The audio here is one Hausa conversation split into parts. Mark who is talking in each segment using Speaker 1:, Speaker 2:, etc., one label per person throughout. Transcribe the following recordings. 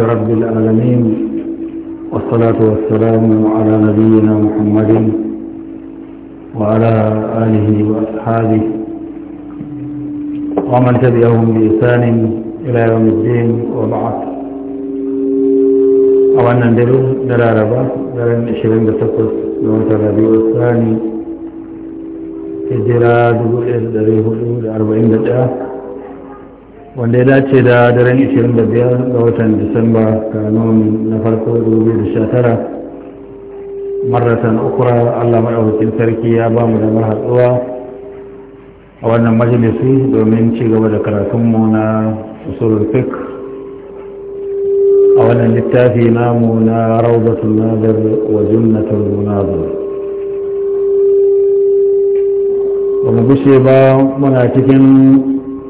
Speaker 1: لله رب العالمين والصلاة والسلام على نبينا محمد وعلى آله وأصحابه ومن تبعهم بإحسان إلى يوم الدين وبعد أولا ندلو دلالة دلالة 28 يوم تبعي الثاني هجرة دلالة wanda ya dace da daren 25 ga watan disamba kanun na farko 2019 maratan ukura allah maɗaukakin sarki ya ba mu damar hatsuwa a wannan majalisi domin ci gaba da karatunmu na usulul fik a wannan littafi namu na raudatul nadir wa jumnatul munazir ba mu gushe ba muna cikin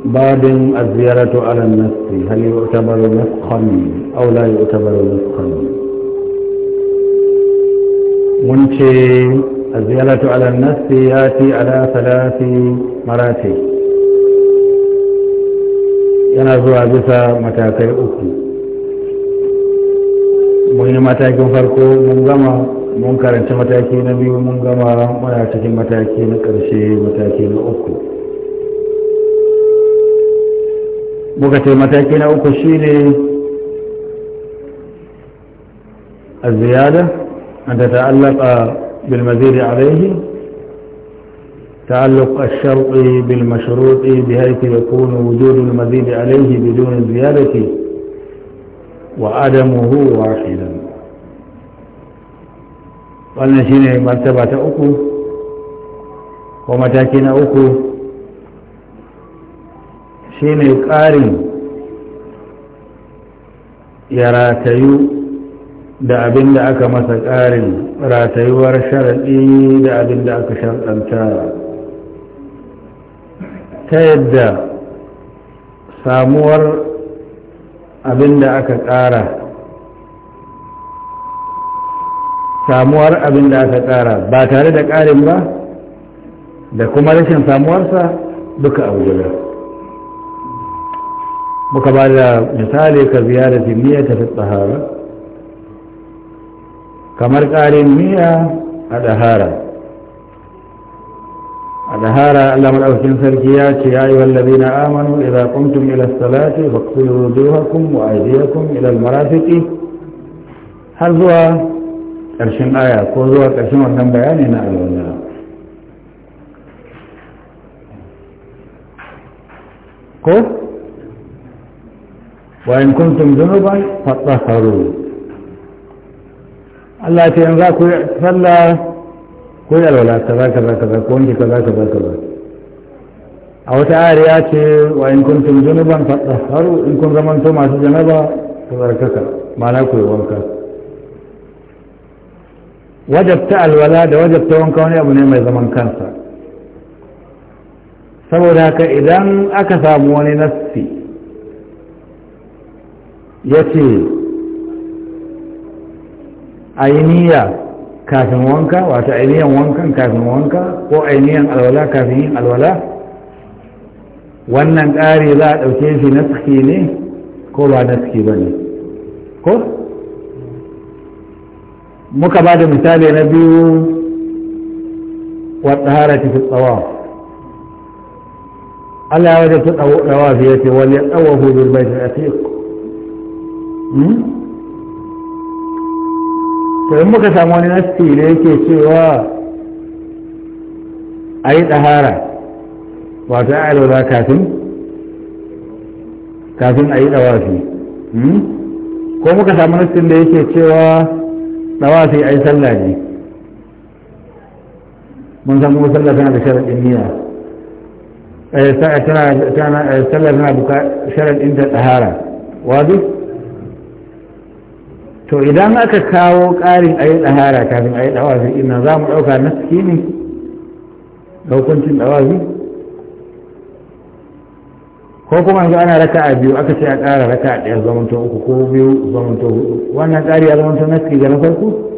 Speaker 1: بعد الزيارة على النسخ هل يعتبر نسقا أو لا يعتبر نسقا منشي الزيارة على النسخ يأتي على ثلاث مراتب ينظر بها متاكي أكي mun متاكي farko mun gama mun karanci mataki na biyu mun gama muna cikin mataki na ƙarshe muka ce mataki na uku الزيادة أن تتعلق بالمزيد عليه تعلق الشرط بالمشروط بحيث يكون وجود المزيد عليه بدون الزيادة وعدمه واحدا وأن شيني مرتبة أكو uku ko shi ne ƙarin ya ratayu da abin da aka masa ƙarin ratayuwar sharaɗi da abin da aka sharɗanta ta yadda samuwar abin da aka ƙara samuwar abin da aka ƙara ba tare da ƙarin ba da kuma rashin samuwarsa duka abu guda muka ba da misali ka ziyarati miya ta tsahara kamar ƙarin miya a ɗahara a ɗahara allah maɗaukin sarki ya ce ya yi wallabi na amanu idan kuntum ila salati faƙulu wujuhakum wa kun ila almarafiqi har zuwa ƙarshen aya ko zuwa ƙarshen wannan bayani na alwala ko وإن كنتم جنوبا فطهروا الله في ينزا كوي صلى كوي الولا كذا كذا كذا كوني كذا كذا كذا أو تعالي ياتي وإن كنتم جنوبا فطهروا إن كنتم زمنتم على جنبا تباركك ما لا يوانك وانكا وجبت الولا ده وجبت وانكا وني أبو نعمة زمن كانسا saboda haka idan aka samu wani nassi ya ce ainiya kafin wanka wata ainiyan wankan kafin wanka ko ainiyan alwala kafin yin alwala wannan ƙari za a ɗauke shi na tsaki ne ko ba na tsaki ba ne ko muka ba da misali na biyu Allah ya wata والطهارة في الطواف ألا وجدت طوافية وليطوفوا بالبيت العتيق Hmm? to in muka samu wani nasti da yake cewa a yi ɗahara wato ya alwala kafin kafin a yi ɗawafi hmm? ko muka samu nasti da yake cewa ɗawafi a yi sallah ne mun san kuma sallah tana da sharaɗin niyya eh, eh, sallah tana da sharaɗin ta ɗahara wadu to idan aka kawo ƙarin a yi ɗahara kafin a yi ɗawazi ina za mu ɗauka na suke ne da hukuncin ɗawazi. ko kuma yanzu ana raka a biyu aka ce a ƙara raka a ɗaya zamanto uku ko biyu zamanto hudu wannan ƙari a zamanto na suke ga farko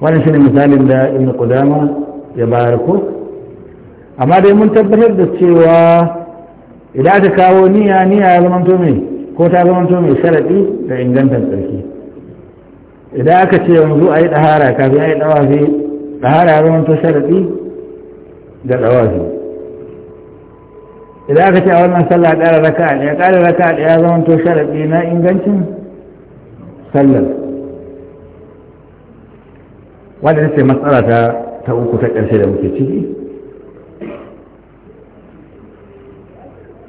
Speaker 1: wannan shi ne misalin da ina qudama ya bayar ko amma dai mun tabbatar da cewa idan aka kawo niyya niyya ya zamanto mai ko ta zamanto mai sharaɗi da ingantar tsarki idan aka ce yanzu a yi ɗahara kafin a yi ɗawafi ɗahara ya zama to sharaɗi ga ɗawafi idan aka ce a wannan sallah ƙara raka a ɗaya ƙara raka a ɗaya zama to sharaɗi na ingancin sallar wanda ta ce matsala ta ta uku ta ƙarshe da muke ciki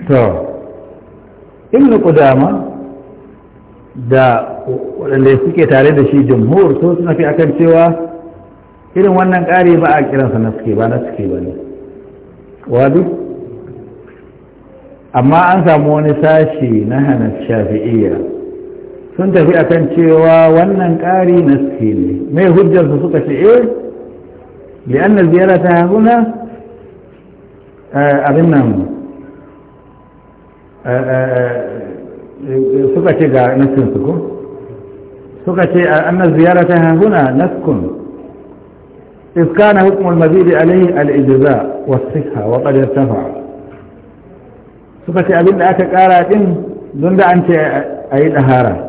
Speaker 1: to ibnu qudama da waɗanda suke tare da shi jamhur so suna fi akan cewa irin wannan ƙari ba a kiransa na suke ba na suke ba ne wadu amma an samu wani sashi na hana shafi'iyya sun tafi akan cewa wannan ƙari na suke ne mai hujjarsa suka ce eh na ziyara ta haguna eh, abin nan eh, eh, Eh, suka ce ga nufinsu ko suka ce an ziyara ta hanguna naskun iska na hukumar mazidi alayi al’ijiza wasu ha wa suka ce abinda aka kara ɗin don da an ce a yi ɗahara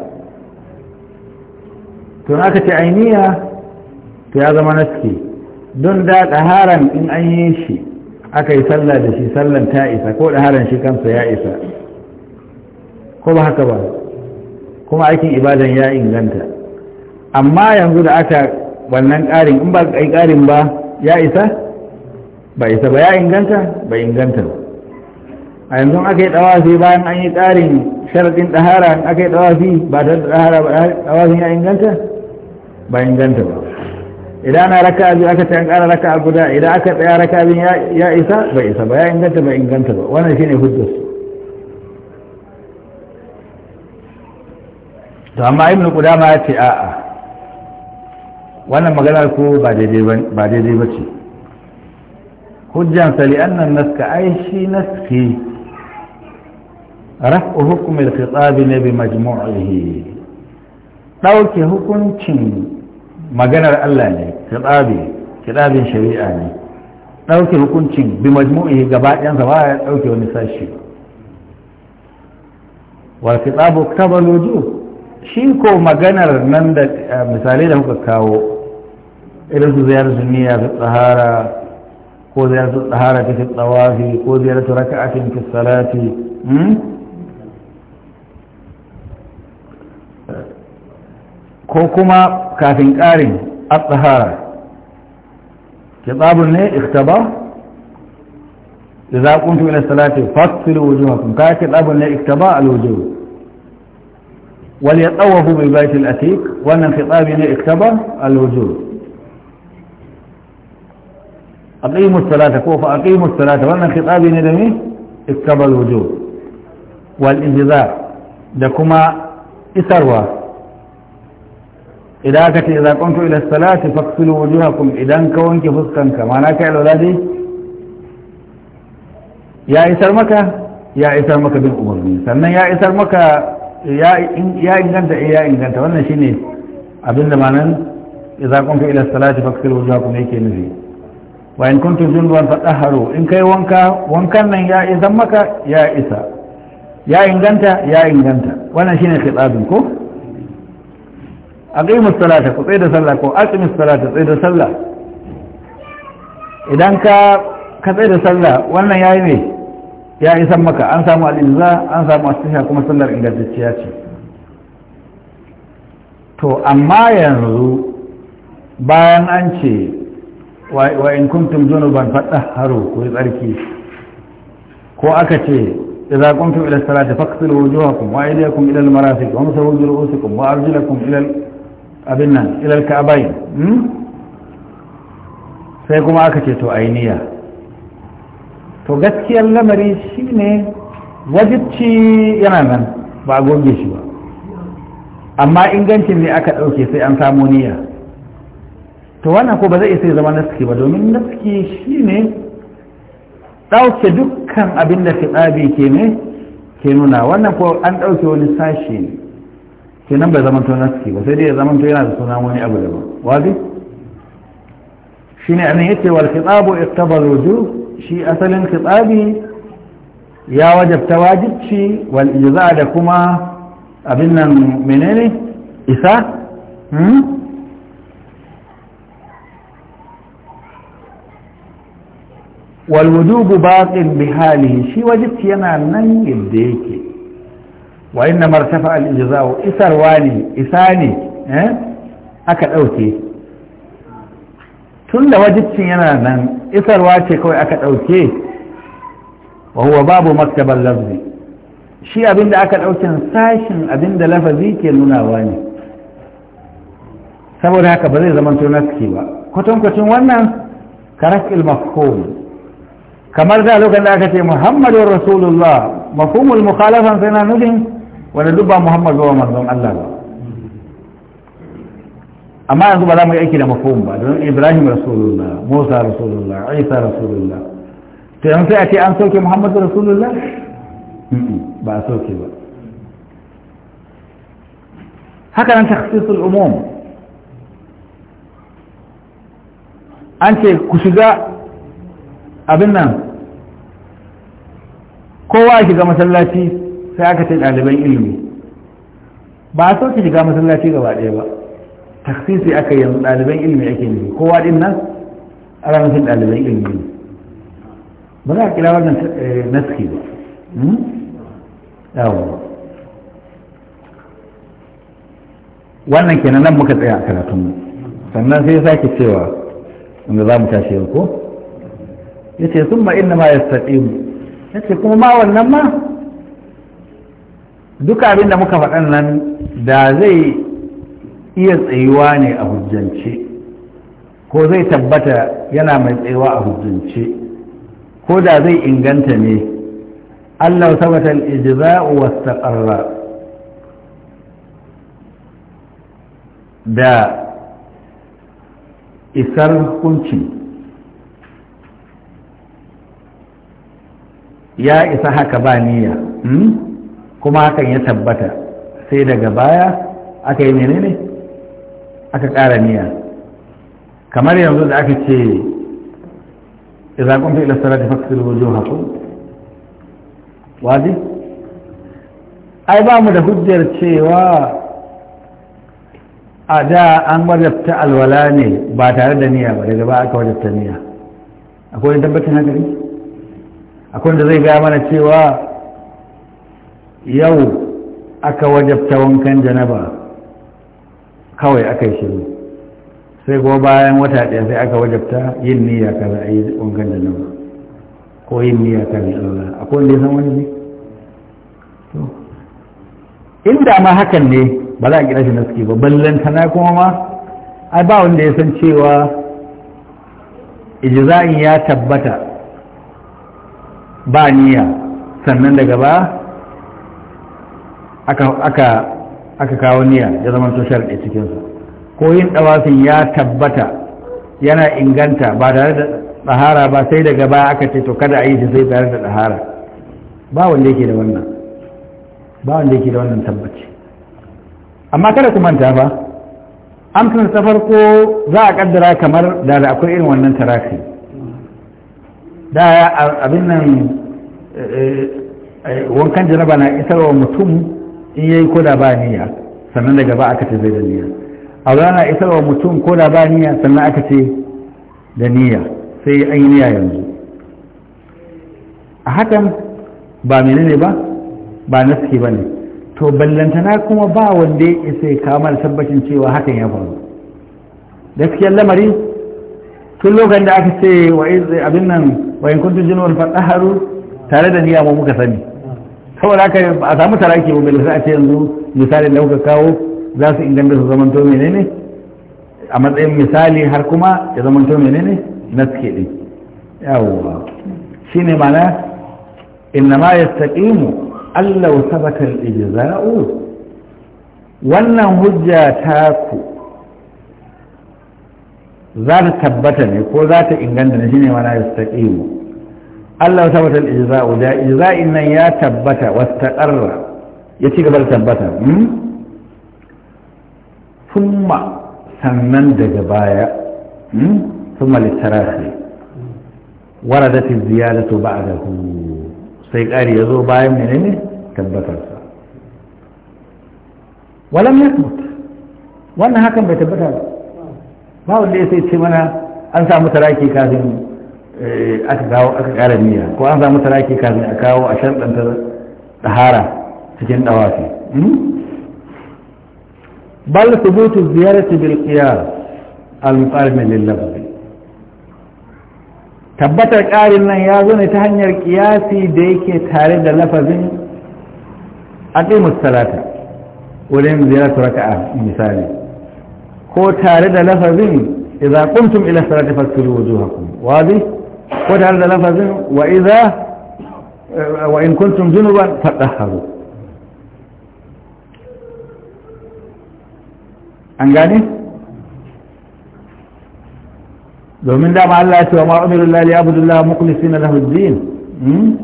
Speaker 1: tun aka ce ainihiya ta ya zama naski don da ɗaharan in an yi shi aka yi sallar da shi sallar ta isa ko ɗaharan shi kansa ya isa ko ba haka ba kuma aikin ibadan ya inganta amma yanzu da aka wannan ƙarin in ba ka yi ƙarin ba ya isa ba isa ba ya inganta ba inganta a yanzu aka yi ɗawafi bayan an yi ƙarin sharaɗin ɗahara in aka yi ɗawafi ba ta ɗahara ba ɗawafin ya inganta ba inganta ba idan ana raka biyu aka ta ƙara raka guda idan aka tsaya raka biyu ya isa ba isa ba ya inganta ba inganta ba wannan shine su to amma ibn qudama ya ce a'a wannan maganar ko ba daidai ba ce hujjan sali annan naska ai shi naski raf'u hukumar al ne bi majmu'ihi dauke hukuncin maganar Allah ne khitabi kitabin shari'a ne dauke hukuncin bi majmu'ihi gaba ɗayan sa ba ya dauke wani sashi wal ta uktabal wujub shi ko maganar nan da misalai da kuka kawo irin su ziyarar sunniya fi tsahara ko ziyarar tsahara fi tsawafi ko ziyarar raka'atin fi salati hmm? ko kuma kafin ƙarin a tsahara tsabar ne iktaba إذا قمتم إلى الصلاة فاغسلوا tsabar ne أبو ba اكتباء الوجوه وليطوف بالبيت الأتيك وأن الخطاب انخطابنا اكتبه الوجود أقيموا الثلاثة كوفة أقيموا الثلاثة وأن الخطاب دمي اكتبه الوجود والانتظار دكما إثروا إذا كنت إذا قمت إلى الصلاة فاقفلوا وجوهكم إذا كونك فسقا كما كعل الولادي يا إثر مكة يا إثر مكة بالأمر سنة يا إثر مكة ya inganta eh, ya inganta wannan shine abin da manan idza kuntum ila salati faksil wujuhakum yake nufi wa in kuntu junuban fatahharu in kai wanka wankan nan ya idan maka ya isa ya inganta ya inganta wannan shine khitabin ko aqimus salata ku da sallah ko aqimus salata da sallah idan ka ka da sallah wannan yayi ne ya isan maka an samu al'ilza an samu astisha kuma sallar ingantacciya ce to amma yanzu bayan an ce wa in kuntum ban faɗa haro ko tsarki ko aka ce idza kuntum ila salati faqtilu wujuhakum wa aydiyakum ila al-marafiq wa masahu ru'usakum wa arjulakum ila abinna ila al-ka'bayn hmm? sai kuma aka ce to ayniya to gaskiyar lamari shine wajibci yana nan ba a goge shi ba amma ingancin ne aka ɗauke sai an samu niyya to wannan ko ba zai sai zama naski ba domin naski shine ɗauke dukkan abin da fiɗabi ke ne ke nuna wannan ko an ɗauke wani sashi ne nan bai zamanto naski ba sai dai ya zamanto yana da suna wani abu ba wazi shine an yace wal khitabu iqtabal wujub shi asalin kitsabi ya wajabta wajibci wal ijza da kuma abin nan menene isa hmm? والوجوب باق بحاله شي وجب ينا نن يديك وانما ارتفع الاجزاء اثر واني اثاني اه اكا اوتي tun da wajibcin yana nan isarwa ce kawai aka ɗauke wa huwa babu maktabar lafzi shi abinda aka ɗauke sashin abinda lafazi ke nunawa ne saboda haka ba zai zama naski ba kwatankwacin wannan karak ilmafhum kamar da lokacin da aka ce muhammadun rasulullah mafhumul mukhalafan sai na nufin wani duk ba muhammad ba manzon allah ba amma yanzu ba za mu yi aiki da mafhum ba don ibrahim rasulullah musa rasulullah isa rasulullah to yanzu sai a ce an sauke muhammadu rasulullah ba a sauke ba haka nan takhsisul umum an ce ku shiga abin nan kowa shiga masallaci sai aka ce ɗaliban ilimi ba a sauke shiga masallaci gaba ɗaya ba taksisi aka yanzu ɗaliban ilimi ake nufi kowa din nan ana nufin ɗaliban ilimi ne ba za a kira wannan naski ba yawo wannan kenan nan muka tsaya a karatunmu sannan sai ya sake cewa wanda za mu tashi yau ko ya ce sun ma inna ma ya mu ya ce kuma ma wannan ma duka abin da muka faɗan nan da zai iya tsayuwa ne a hujjance ko zai tabbata yana mai tsayuwa a hujjance ko da zai inganta ne allah sabata al'ijza'u wastaqarra da isar hukunci ya isa haka ba niyya hmm? kuma hakan ya tabbata sai daga baya aka yi menene aka ƙara niyya kamar yanzu da aka ce idza kuntum ila da faghsilu haku wajen ai ba mu da hujjar cewa a da an wajabta alwala ne ba tare da niyya ba daga ba aka wajabta niyya akwai wani tabbacin haka ne akwai da zai gaya mana cewa yau aka wajabta wankan janaba kawai aka yi shiru sai kuma bayan wata ɗaya sai aka wajabta yin niyya kaza a yi wankan da nawa ko yin niyya kaza a akwai wanda ya san wani ne inda ma hakan ne ba za a kira shi naski ba ballan tana kuma ma ai ba wanda ya san cewa ijza'in ya tabbata ba niyya sannan daga ba aka aka kawo niyya ya zama to sharɗi cikinsa ko yin ɗawafin ya tabbata yana inganta ba tare da ɗahara ba sai daga baya aka ce to kada a yi shi sai tare da ɗahara ba wanda yake da wannan ba wanda yake da wannan tabbaci amma kada ku manta ba amsar ta farko za a kaddara kamar da da akwai irin wannan tarafi da abin nan eh, eh, wankan jaraba na isarwa mutum in yayi koda ba niyya sannan daga ba aka ce zai da niyya a rana isarwa mutum koda ba niyya sannan aka ce da niyya sai an yi niyya yanzu a hakan ba menene ba ba naski ba ne to ballantana kuma ba wanda ya isa da tabbacin cewa hakan ya faru gaskiyar lamari tun lokacin da aka ce abin nan wa in kuntum fadaharu tare da niyya mu muka sani saboda haka a samu taraki ba bai a ce yanzu misali da kuka kawo za su inganta su zamanto menene a matsayin misali har kuma ya zamanto menene na suke ɗin yawwa shi ne mana inna ma ya taƙimu allau sabatar ijza'u wannan hujja ta ku za ta tabbata ne ko za ta inganta ne shi ne mana ya mu. Allah ya tabbatar ijza'u da ijza'in nan ya tabbata wastaqarra ya ci gaba da tabbata thumma sannan daga baya thumma litarafi waradat ziyadatu ba'dahu sai ƙari ya zo bayan menene tabbatarsa walam yasmut wannan hakan bai tabbata ba ba wanda ya sai ce mana an samu taraki kafin Eh, aka kawo aka kara niyya ko an samu taraki kafin a kawo a shanɗanta ɗahara cikin ɗawafi hmm? bal su ziyarati bil qiyas al muqarrin lil tabbatar ƙarin nan ya zo ne ta hanyar kiyasi da yake tare da lafazin aqimus salata wurin ziyaratu raka'a misali ko tare da lafazin idza qumtum ila salati fasilu wujuhakum wazi ko tare da lafazin wa idza wa in kuntum junuban fadahharu an gane domin dama Allah ya ce wa ma umiru lillahi abdullahi mukhlisina lahu hmm?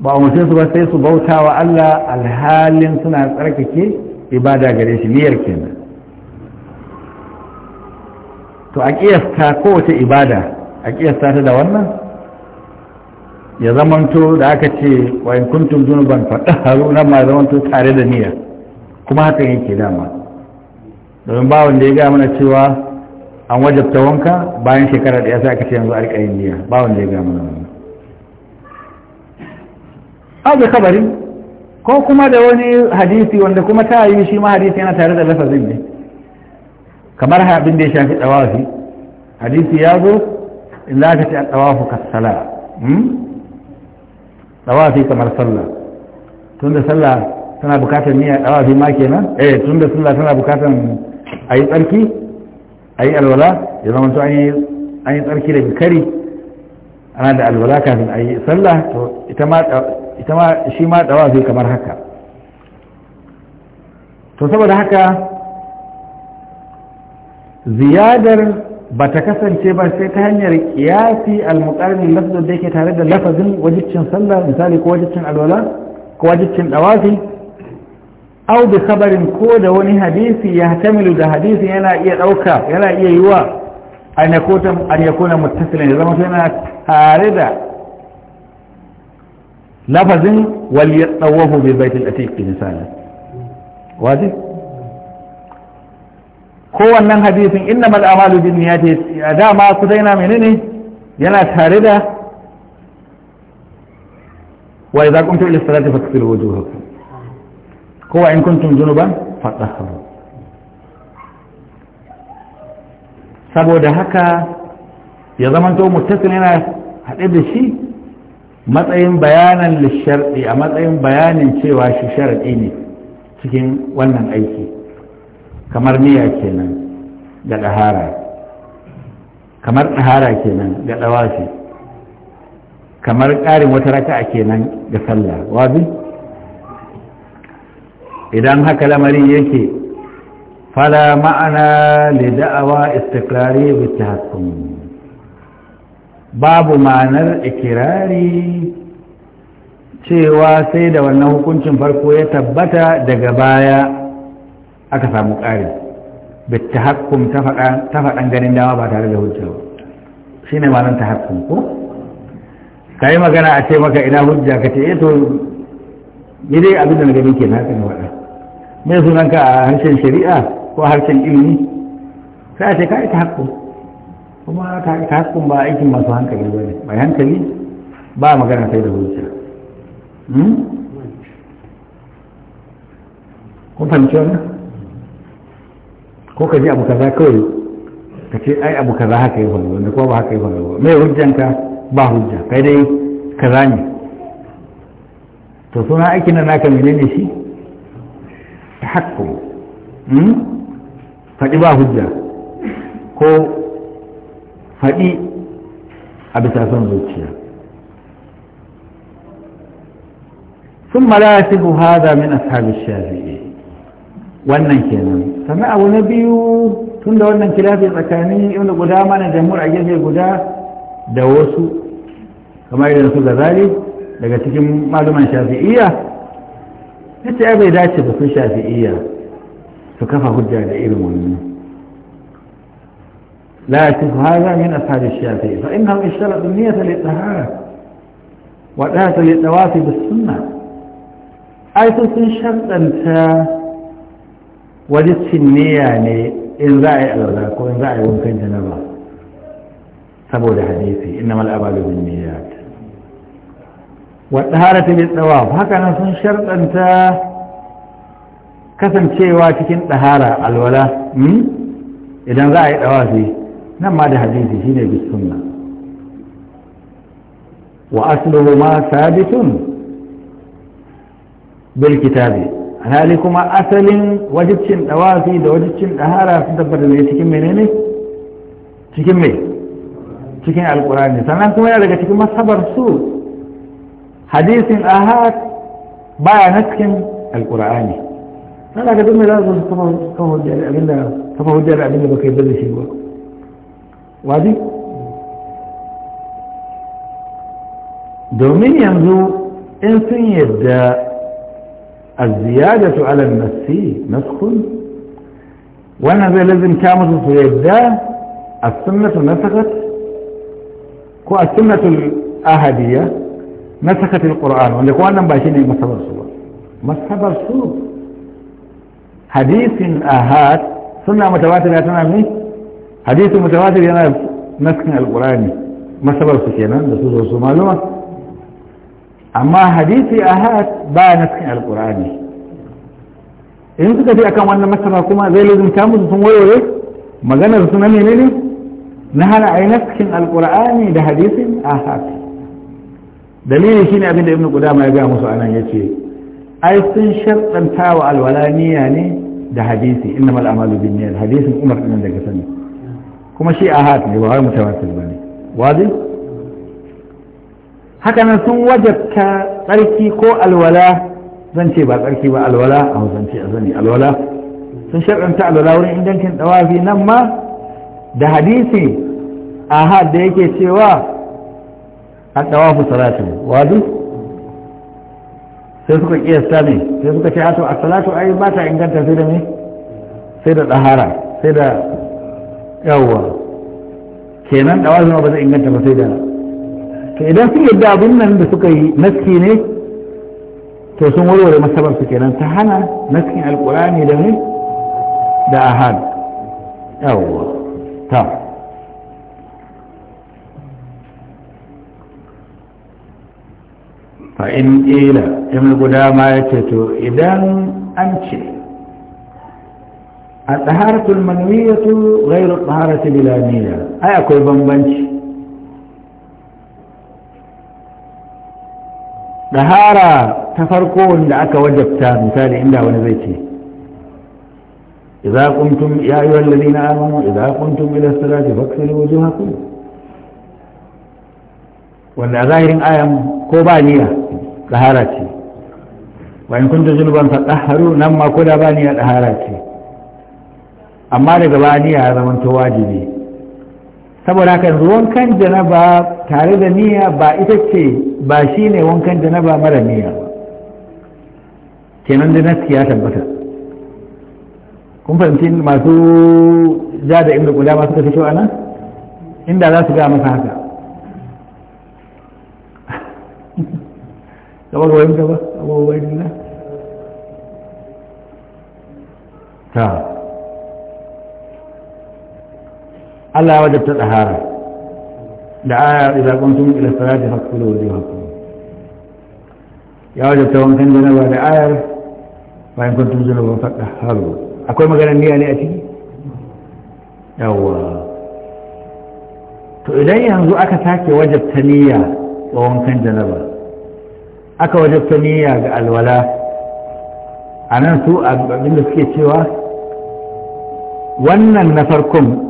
Speaker 1: ba a mutum su ba sai su bauta wa Allah alhalin suna tsarkake ibada gare shi niyyar kenan to a kiyasta kowace ibada a kiyasta ta da wannan ya zamanto da aka ce wa in kuntum faɗa fadaharu na ma zamanto tare da niyya kuma haka yake dama domin ba wanda ya gaya mana cewa an wajabta wanka bayan shekara da ya sa aka ce yanzu a rika yin niyya ba wanda ya gaya mana wannan abu kabarin ko kuma da wani hadisi wanda kuma ta yi shi ma hadisi yana tare da lafazin ne kamar abin da ya shafi ɗawafi hadisi ya zo in za ce a tsawafu kassala tsawafi kamar sallah tun da sallah tana bukatar niyya tsawafi ma kenan eh tun da sallah tana bukatar a yi tsarki a yi alwala ya zama to an yi tsarki daga kari ana da alwala kafin a yi sallah to ita ma shi ma tsawafi kamar haka to saboda haka ziyadar ba ta kasance ba sai ta hanyar kiyasi almuqarrin lafzin da yake tare da lafazin wajibcin sallah misali ko wajibcin alwala ko wajibcin dawafi aw bi khabarin ko da wani hadisi ya tamilu da hadisi yana iya dauka yana iya yiwa an yakuna an yakuna muttasilan zama sai na tare da lafazin wal yatawafu bi baitil atiq misali wajib kowannan hadisin innamal a'malu bin niyyati dama ku daina menene yana tare da wa idza kuntum ila salati faghsilu wujuhakum ko wa in kuntum junuban fatahharu saboda haka ya zamanto muttasil yana haɗe da shi matsayin bayanan lisharɗi a matsayin bayanin cewa shi sharaɗi ne cikin wannan aiki kamar niyya kenan ga ɗahara kamar ɗahara kenan ga ɗawashi kamar ƙarin wata raka'a kenan ga sallah wazi idan haka lamarin yake fala ma'ana li da'awa istiqrari bi tahakkum babu ma'anar ikirari cewa sai da wannan hukuncin farko ya tabbata daga baya aka samu ƙari ta hakkun ta faɗan ganin dama ba tare da hujja ba shi ne ma ta hakkun ko ka yi magana a ce maka ina hujja ka ce eh, to ni dai abin da na gani ke na ne waɗa me sunan ka a harshen shari'a ko harshen ilimi sai a ce ka yi ta hakkum kuma ta hakkun ba aikin masu hankali ba ne mai hankali ba magana sai da hujja hmm? kun fahimci wannan ko ka ji abu kaza kawai ka ce ai abu kaza haka yi faru wanda kuma ba haka yi faru ba mai hujjanka ba hujja kai dai kaza ne to suna aikin nan naka ne shi ta tahakkum hmm? faɗi ba hujja ko faɗi a bisa son zuciya ثم لا يثب هذا من أصحاب الشافعي wannan kenan sannan abu na biyu tun da wannan kilafi tsakanin ibn guda mana jamhur a gefe guda da wasu kamar idan su gazali daga cikin maluman shafi'iyya yace ai bai dace ba su shafi'iyya su kafa hujja da irin wannan la yasifu hadha min ashab ash-shafi'i fa innahum ishtaratu niyyata lit-tahara wa da'atu lit-tawafi bis-sunnah ai sun shartanta wani cinniya ne in za a yi alwala ko in za a yi wankan janaba saboda hadisi inna mal amalu bin niyyat wa taharatu bi tsawaf haka nan sun shartanta kasancewa cikin ɗahara alwala hmm? idan za a yi ɗawafi nan ma da hadisi shine bi sunna wa asluhu ma sabitun bil kitabi hali kuma asalin wajibcin dawafi da wajibcin dahara su tabbata ne cikin menene cikin me cikin alkurani sannan kuma yana daga cikin masabar su hadisin ahad baya na cikin alkurani sannan ga dumme za su kafa hujjar abinda kafa hujjar abinda baka yi bazin shi ba wajib domin yanzu in sun yadda الزيادة على النفسي نسخ وانا زي لازم كامل سيدا السنة نسخت كو السنة الأهدية نسخت القرآن وانا كوانا باشيني مصحب الرسول مصحب الرسول حديث أهات سنة متواتر يا تنامي حديث متواتر يا نسخ القرآن مصحب الرسول كينا رسول رسول معلومة amma hadisi ahad ba na cikin alkur'ani in suka fi akan wannan masara kuma zai lizinta musu sun warware maganar su na menene na hana a yi cikin alkur'ani da hadisin ahad dalili shine abin da ibnu qudama ya ga musu anan yace ai sun sharɗanta wa alwalaniya ne da hadisi innamal a'malu binniyat hadisin umar din sani kuma shi ahad ne ba wai mutawatir bane wadi hakanan sun wajabta tsarki ko alwala zan ce ba tsarki ba alwala a ce a zane alwala sun sharɗanta alwala wurin ingancin ɗawafi nan ma da hadisi had da yake cewa a ɗawafu salatu wadu sai suka kiyasta ne sai suka ce hato a salatu ai ba ta inganta sai da me sai da ɗahara sai da yawwa kenan ɗawafi ma ba zai inganta ba sai da to idan sun yadda abin nan da suka yi naski ne to sun warware masabar su kenan ta hana naskin alkurani da ne da ahad yawwa ta fa in ila ma ya ce to idan an ce a tsaharatul manwiyatu ghairu tsaharati bilaniya ai akwai bambanci ɗahara ta farko wanda aka wajabta misali inda wani zai ce idza kuntum ya ayyuhal ladina amanu idza kuntum ila salati faghsilu wujuhakum wanda a zahirin ayan ko ba niyya ɗahara ce wa in kuntum junuban fatahharu nan ma ko da ba niyya ɗahara ce amma daga ba niyya ya zama to wajibi saboda haka wankan janaba tare da niyya ba ita ce ba shi ne wankan janaba mara niyya ba kenan da nasi ya tabbata kun fahimci masu ja da inda kula masu tafi a nan inda za su ga masa haka gaba ga wani gaba abubuwan ta Allah ya wajabta tsahara da aya idza kuntum ila salati faqulu wujuhakum ya wajabta wankan janaba da ayar bayan kuntum junuban faqahharu akwai magana niyya ne a ciki yawwa to idan yanzu aka sake wajabta niyya wa wankan janaba aka wajabta niyya ga alwala a nan su abinda suke cewa wannan na farkon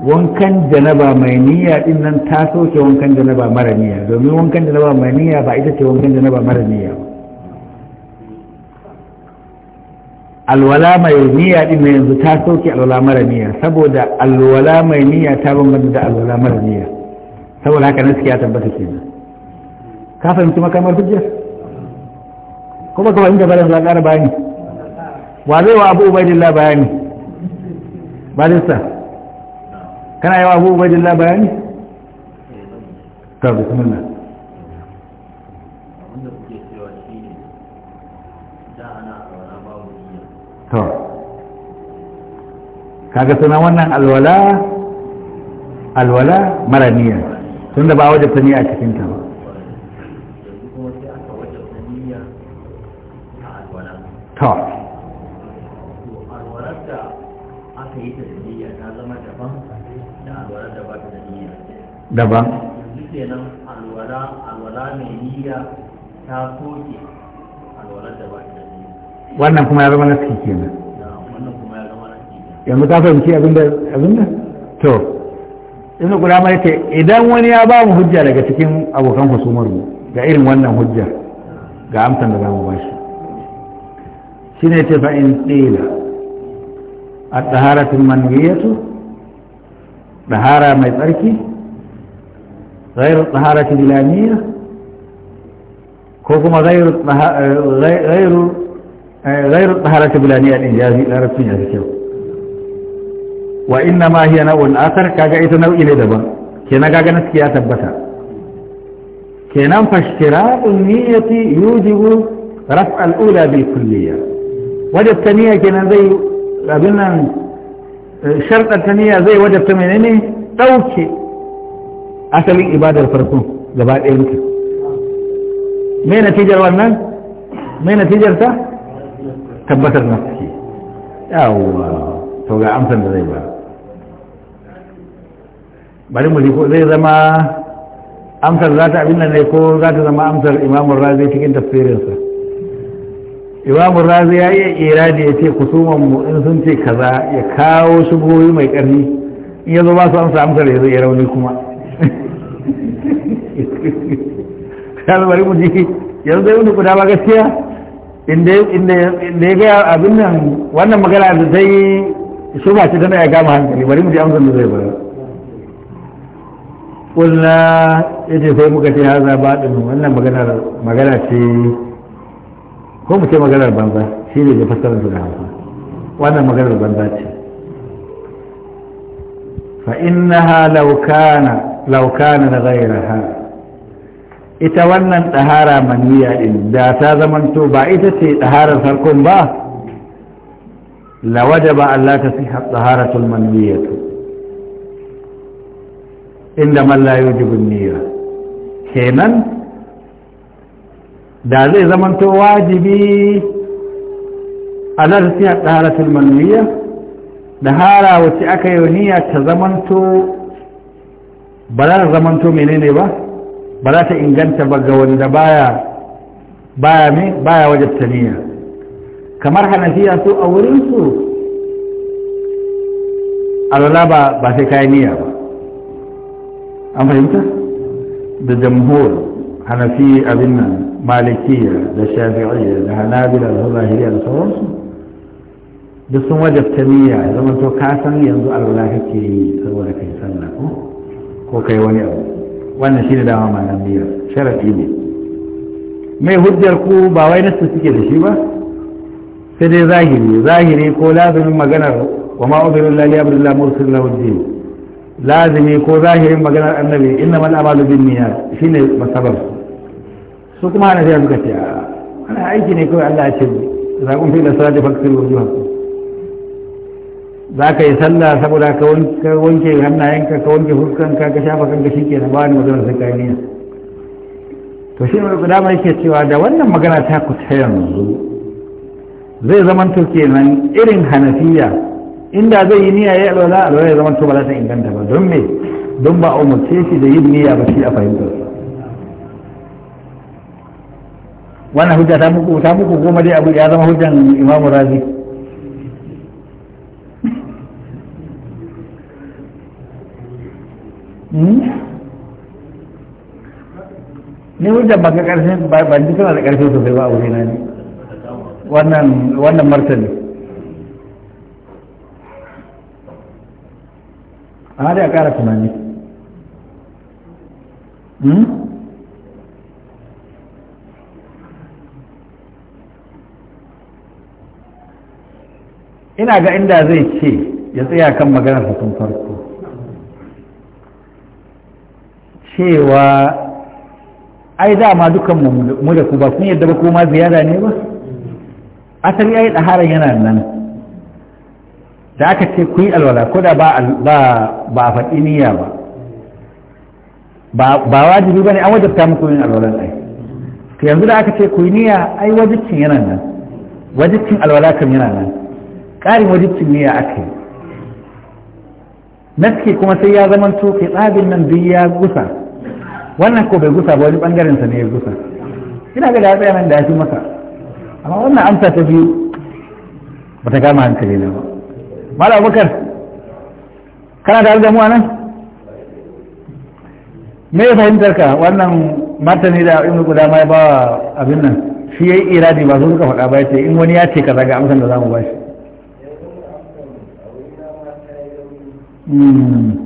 Speaker 1: wankan janaba mai niyya din nan ta soke wankan janaba mara niyya domin wankan janaba mai niyya ba ita ce wankan janaba mara niyya ba. alwala mai niyya din nan yanzu ta soke alwala mara niyya saboda alwala mai niyya ta bambanta da alwala mara niyya saboda haka naski ya tabbata kenan ka fahimci makamar hujjar ko ba ka fahimta ba da za bayani wa zai wa abu ubaidillah bayani balista kana yawa abu ubaidillah bayani ta bismillah to kaga suna wannan alwala alwala mara niyya tunda ba wajen ta niyya a cikin ta ba to daban wannan kuma ya zama nasi kenan yanzu ka fahimci abinda abinda to guda mai ce idan wani ya ba mu hujja daga cikin abokan husumar mu ga irin wannan hujja ga amsan da mu bashi shi ne ce fa'in qila a taharatu manwiyatu tahara mai tsarki غير الطهارة بلا نية كوكما غير غير غير الطهارة آه، بلا نية الإنجازي لا رسمي ذكر وإنما هي نوع آخر كاجا إيتا نوع إلي دبا كينا كاجا نسكيا تبتا كينا فاشتراء النية يوجب رفع الأولى بالكلية وجدت نية كينا زي قبلنا آه، شرط التنية زي وجبت منيني توكي asalin ibadar farko gaba ɗaya mutum mai natijar wannan mai natijar ta tabbatar na suke yawwa to ga amsan da zai ba bari mu ko zai zama amsar za ta abin nan ne ko za ta zama amsar imamun razi cikin tafsirinsa imamun razi ya iya iradi ya ce kusurman mu in sun ce kaza ya kawo shugoyi mai karni in ya zo ba su amsa amsar ya zai rauni kuma kalmari mu ji yanzu yi guda ba gaskiya inda ya gaya abin nan wannan magana da sai su ba shi tana ya gama hankali bari mu ji amsar zai bayar kulna ya ce sai muka ce ya za ba ɗin wannan magana ce ko mu ce maganar banza shi ne ya fassara su da hausa wannan maganar banza ce fa innaha law kana laukanin gairaha ita wannan ɗahara maniya ɗin da ta zamanto ba ita ce ɗaharar farkon ba lawaje ba Allah ta siha ɗaharatul maniyatu inda mallayo jibin niyya kenan da zai zamanto wajibi Allah ta siha ɗaharatul maniyya ɗahara wacce aka yi niyya ta zamanto ba za ta zamanto menene ba ba za ta inganta ba ga wanda baya baya me baya wajabta taniya kamar hanafiya su a wurin su alala ba ba sai kayan niyya ba an fahimta da jamhur hanafi abin nan malikiya da shafi'iyya da hanabila da zahiriya da sauransu duk sun wajabta niyya zama to ka san yanzu alala kake yi saboda kai sallah ko ko kai wani abu wannan shi ne dama ma'anar niyya sharafi ne mai hujjar ku ba wai nasu suke da shi ba sai dai zahiri zahiri ko lazumin maganar wa ma ubirin lalai abdullah mursul lahuddin lazimi ko zahirin maganar annabi inna mal amalu bin niyya shine masabar su kuma ana fiya suka ce ana aiki ne kawai Allah ya ce zakun fi da salati faktiru wujuhakum za ka yi sallah saboda ka wanke hannayenka ka wanke fuskanka ka shafa kanka shi ke na ba ni magana sai ka to shi ne da mai ke cewa da wannan magana ta ku ta yanzu zai zamanto kenan irin hanafiya inda zai yi niyya ya a lola ya to ba za ta inganta ba don me don ba umarce shi da yin niyya ba shi a fahimtar wannan hujja ta muku ta muku goma dai abu ya zama hujjan imamu razi Hmm? ne wajen baka karfin ba ji suna da karfi sosai ba a wuri na ne wannan martani a hada ya kara tunani hmm? ina ga inda zai ce ya tsaya kan maganar tun farko cewa ai dama dukan mu da ku ba kun yadda ba ko ma ziyara ne ba asali ai daharan yana nan da aka ce ku yi alwala ko da ba ba a faɗi niyya ba ba wajibi ba ne an wajabta muku yin alwala ai to yanzu da aka ce ku yi niyya ai wajibcin yana nan wajibcin alwala kam yana nan ƙarin wajibcin niyya aka yi naske kuma sai ya zama to ke tsabin nan duk ya gusa wannan ko bai gusa ba wani bangaren sa ne ya gusa ina ga da tsaya da ya fi maka amma wannan amsa ta biyu ba ta kama hankali na ba malam abubakar kana da aljamu nan me ya fahimtar ka wannan martani da guda ma ya ba abin nan shi yayi iradi ba su suka faɗa ba yace in wani ya ce kaza ga amsan da zamu ba shi hmm.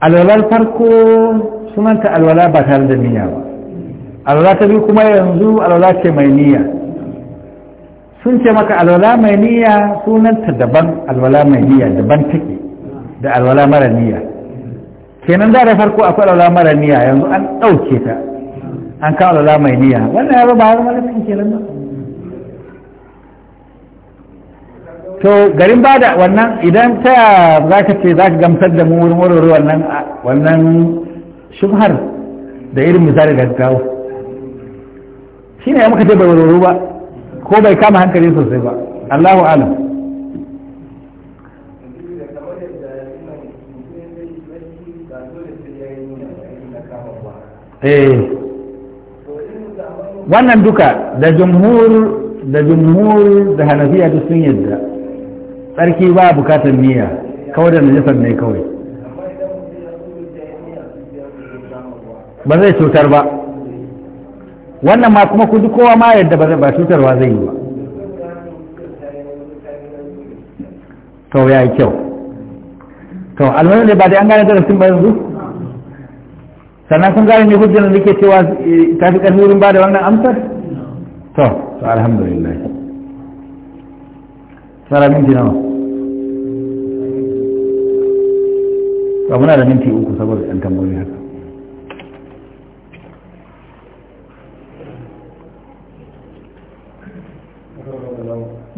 Speaker 1: alwalar farko sunanta alwala ba tare da niyya ba alwala ta biyu kuma yanzu alwala ce mai niyya sun ce maka alwala mai niyya sunanta daban alwala mai niyya daban take da alwala mara niyya kenan da da farko akwai alwala mara niyya yanzu an ɗauke ta an kawo alwala mai niyya wannan ya ba ba har mara kenan ba to garin ba da wannan idan ta za ka ce za ka gamsar da mu wurin warware wannan wannan shubhar da irin misali ga kawo shi ne ya muka ce bai warware ba ko bai kama hankali sosai ba Allahu alam eh. wannan duka da jumhur da jumhur da hanafiya duk sun yadda tsarki ba bukatar niyya kawai da najasar ne kawai ba zai cutar ba wannan ma kuma kuji kowa ma yadda ba cutarwa zai yi ba to ya yi kyau to almanin ne ba dai an gane darasin ba yanzu sannan kun gane ne hujjar da nake cewa e, ta fi ƙarfi wurin ba da wannan amsar to to alhamdulillah sara minti nawa ba muna da minti uku saboda yan tambayoyi haka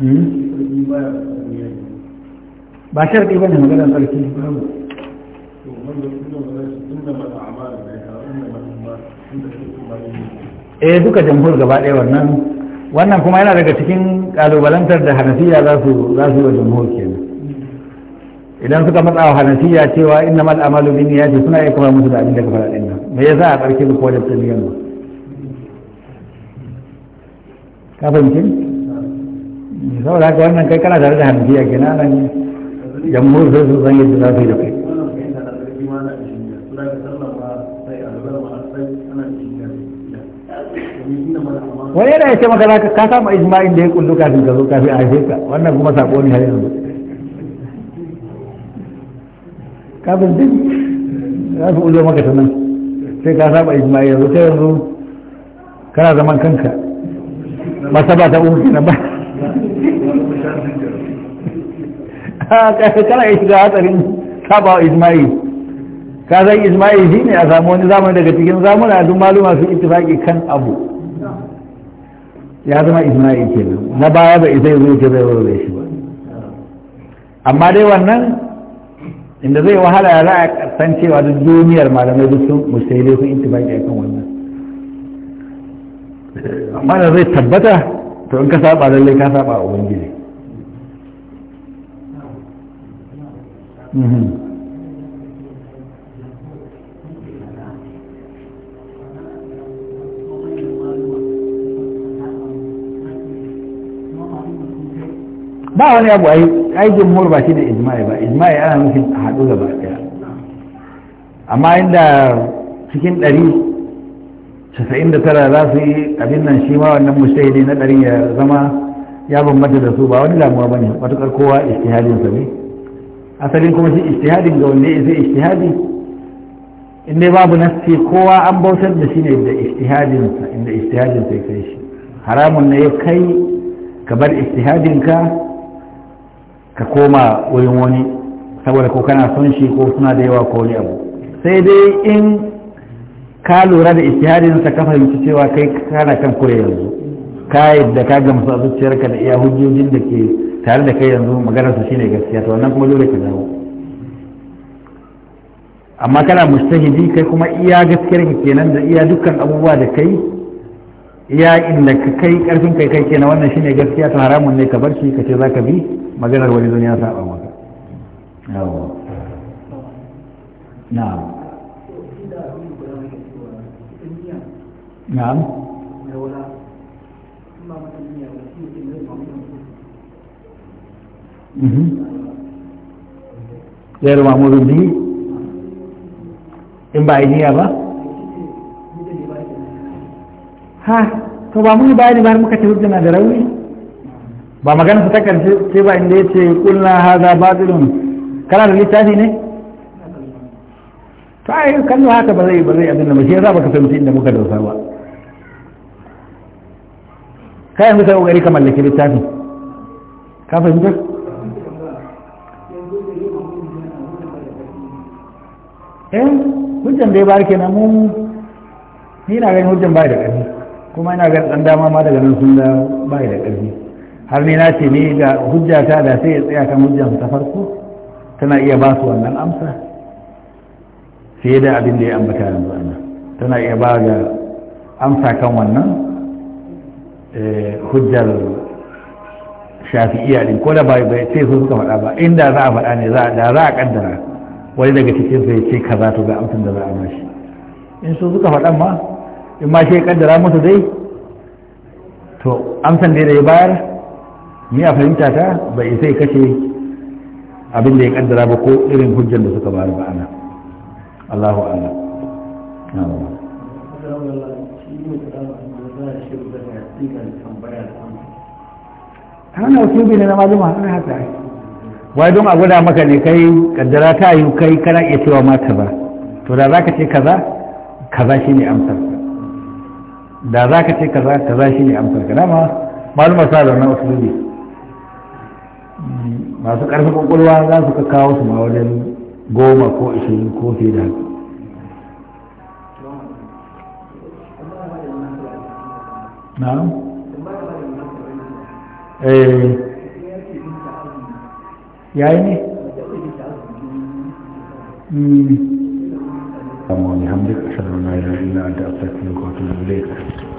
Speaker 1: hmm? ba sharɗi ba ne maganar sarki babu eh duka jamhur gaba ɗaya wannan wannan kuma yana daga cikin ƙalubalantar da hanafiya za su za su wa jamhur ke idan suka matsa wa hanafiya cewa inna mal amalu bin niyyati suna iya kuma musu da abin da kafara nan me yasa a karke ko kowa da tsaniyan ba ka fahimci saboda haka wannan kai kana tare da hanafiya ke nan jamhur sai su san yadda za su yi da kai wani yana ya ce maka ka samu ijma'in da ya kullu kafin ka zo kafin a ka wannan kuma saƙo ne har yanzu kafin din za su ulo maka ta nan sai ka saba ijma'i yanzu sai yanzu kana zaman kanka masa ba ta uku kenan ba ah, kana yi shiga hatsarin saba ijma'i ka san ijma'i shi ne a samu wani zamani daga cikin zamuna duk maluma su ittifaki kan abu ya zama ijma'i kenan na baya ba isa yanzu ke bai wuri shi ba amma dai wannan inda zai wahala za a san cewa duk duniyar malamai duk sun musulmi sun intifaki kan wannan amma da zai tabbata to in ka saba lallai ka saba a ubangiji mhm. ba wani abu a yi aikin ba shi da ijma'i ba ijma'i ana nufin haɗu gaba ɗaya amma inda cikin ɗari casa'in da tara za su yi abin nan shi ma wannan mushahidi na ɗari ya zama ya bambanta da su ba wani damuwa ba ne matuƙar kowa ijtihadin sa ne asalin kuma shi ijtihadin ga wanda ya sai ijtihadi in dai babu nasti kowa an bautar da shi ne da ijtihadin sa inda ijtihadin sa ya kai shi haramun ne ya kai ka bar ijtihadin ka ka koma wurin wani saboda ko kana son shi ko suna da yawa ko wani abu sai dai in ka lura da sa ka fahimci cewa kai kana kan kure yanzu ka yadda ka gamsu a zuciyarka da iya hujjojin da ke tare da kai yanzu maganar su shine gaskiya to wannan kuma dole ka dawo amma kana mustahidi kai kuma iya gaskiyar ka kenan da iya dukkan abubuwa da kai iya inda ka kai karfin kai kai kenan wannan shine gaskiya to haramun ne ka bar shi ka ce zaka bi maganar wani don ya saba maka yawa na'am na'am غير معمول به in ba niyya ba ha to ba mun bayani ba muka ce hujja na da rauni ba magana ta karshe sai ba inda ya ce kulla haza batilun kana da littafi ne to ai kallo haka ba zai ba zai abin da ba shi yasa baka fahimci inda muka dausa ba kai yanzu sai kokari ka mallaki littafi ka fahimta eh hujjan dai ya bar kenan mu ni na ganin hujjan bai da ƙarfi kuma ina ga dan dama ma daga nan sun da bai da ƙarfi har ne na ce ne ga hujjata da sai ya tsaya kan hujjansu ta farko tana iya ba su wannan amsa fiye da abin da ya ambata yanzu ana tana iya ba ga amsa kan wannan eh, hujjar shafi'iya din ko da ba bai ce su suka faɗa ba inda za a faɗa ne da za a kaddara wani daga cikin sai ce kaza to ga amsan da za a mashi in su suka faɗan ma in ma shi ya kaddara musu dai to amsan dai da ya bayar ni a fahimta ta bai isa ya kashe abin da ya kaddara ba ko irin hujjar da suka bari ba ana Allahu Allah ana wasu bi ne na maluma ana haka wai don a guda maka ne kai kaddara ta yi kai kana iya cewa mata ba. to da zaka ce kaza kaza shi ne amsar da zaka ce kaza kaza shi ne amsar ka dama maluma sa da wasu usulubi masu ƙarfi kwakwalwa za su ka kawo su ma wajen goma ko ishirin ko fiye da na'am eh. ne hmm.